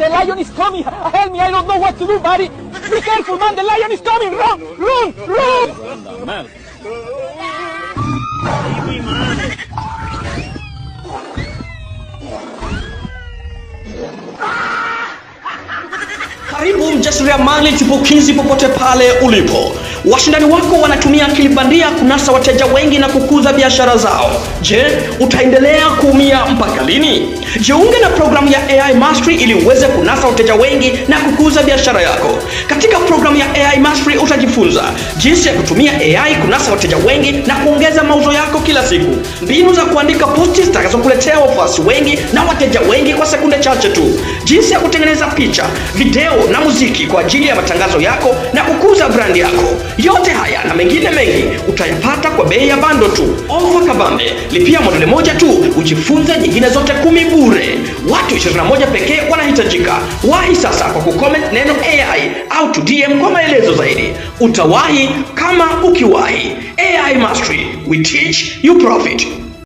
The lion is coming. Help me. I don't know what to do, buddy. Be careful, man. The lion is coming. Run, run, run. Normal. Ay, mi madre. Karibu mjasiriamali chipukizi popote pale ulipo. Washindani wako wanatumia akili bandia kunasa wateja wengi na kukuza biashara zao. Je, utaendelea kuumia mpaka lini? Jiunge na programu ya AI Mastery ili uweze kunasa wateja wengi na kukuza biashara yako. Katika programu ya AI Mastery utajifunza jinsi ya kutumia AI kunasa wateja wengi na kuongeza mauzo yako kila siku, mbinu za kuandika posti zitakazokuletea wafuasi wengi na wateja wengi kwa sekunde chache tu, jinsi ya kutengeneza picha, video na muziki kwa ajili ya matangazo yako na kukuza brandi yako. Yote haya na mengine mengi utayapata kwa bei ya bando tu. Ofa kabambe, lipia modele moja tu ujifunze nyingine zote kumi bure. Watu 21 pekee wanahitajika. Wahi sasa kwa kucomment neno AI au to DM kwa maelezo zaidi. Utawahi kama ukiwahi. AI Mastery, we teach you profit.